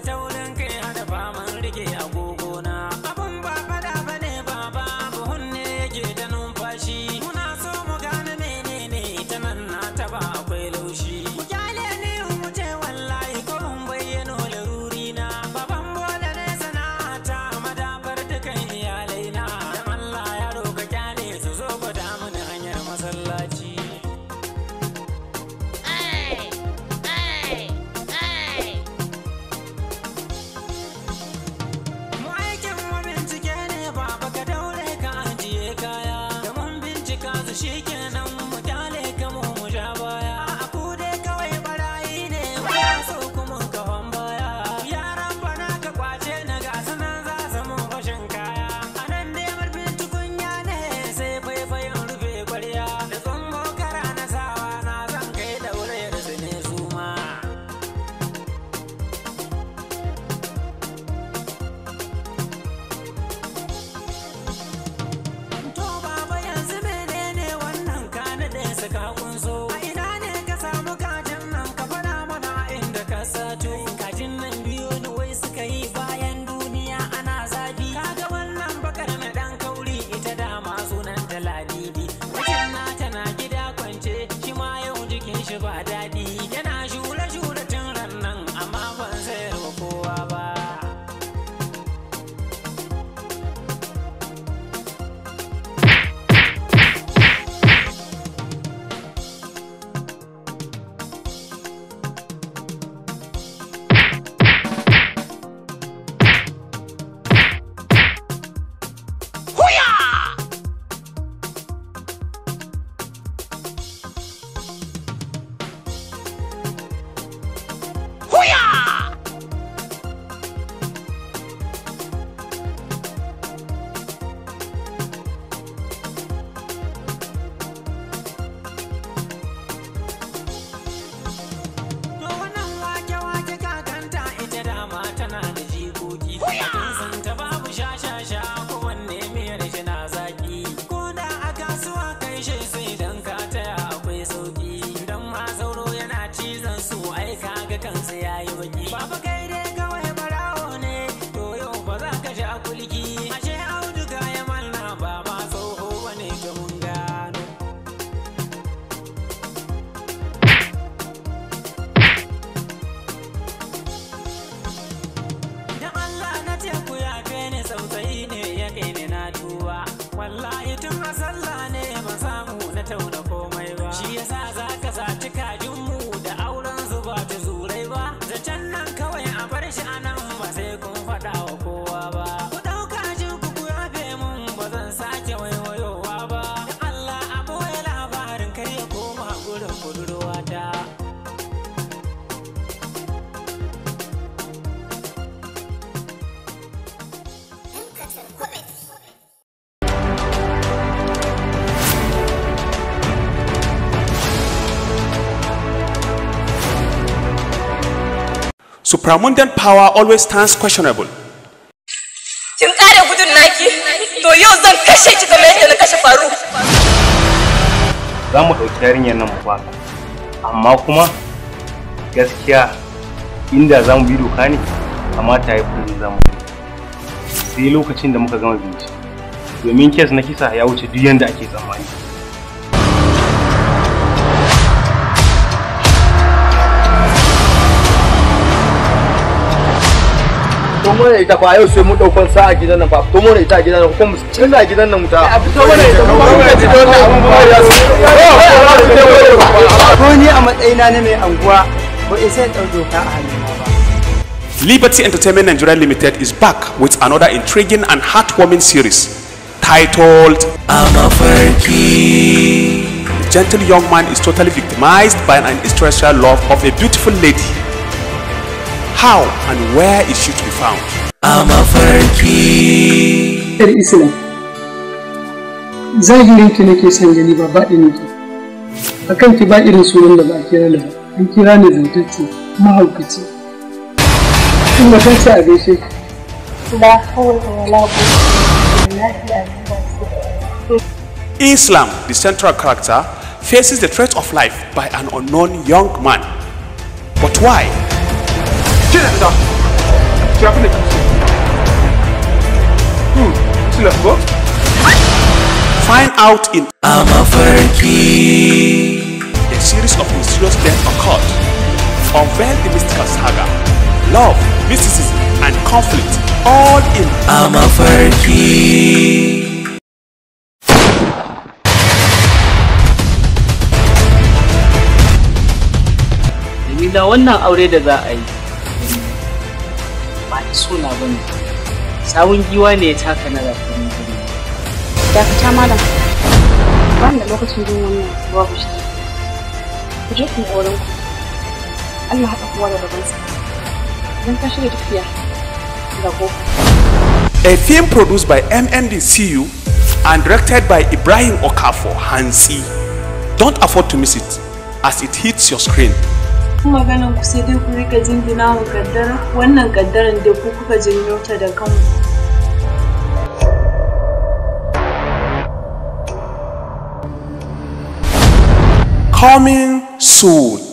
ta Supramundan power always stands questionable. Kin kare gudun naki, to yau zan kashe ki kamar yadda na kashe faru. Za mu ɗauki yarinyar nan mu amma kuma gaskiya inda za mu bi doka ne, kamata yi kullum za mu. Sai lokacin da muka gama bincike, domin kes na kisa ya wuce duk yadda ake tsammani. fito mana ita ba yau sai mun daukan sa a gidan nan ba fito mana ita a gidan nan kuma cin a gidan nan wuta mana ita kuma mun ba ya ko ni a matsayina na mai anguwa ko sai dau doka a ba Liberty Entertainment Nigeria Limited is back with another intriguing and heartwarming series titled I'm A gentle young man is totally victimized by an intellectual love of a beautiful lady how and where it should be found. A mafarki. ‘Yar Islam, zahirinki nake son gani ba ba ki. A ki ba irin sunan da ba a kira da an kira ni zantacce mahaukaci. Kuma ta ce a gaishe ki. La hawla wala quwwata Islam, the central character, faces the threat of life by an unknown young man. But why? Jennifer! Do you have Hmm, Find out in Amavarki. A series of mysterious deaths occurred. Unveil the mystical saga. Love, mysticism, and conflict. All in Amavarki. Jamila wannan aure da za a yi suna ba ne sabon giwa ne ya taka na ne. gari dakata malam ba da lokacin jin wannan babu shi ku je ku auren ku Allah haɗa kowa da sa idan ka shirya tafiya ga kofa A film produced by MNDCU and directed by Ibrahim Okafor, Hansi. Don't afford to miss it as it hits your screen ganin ku sai dai ku rika jingina wa kaddara wannan kaddaran da ku kuka janyo ta da kanku coming soon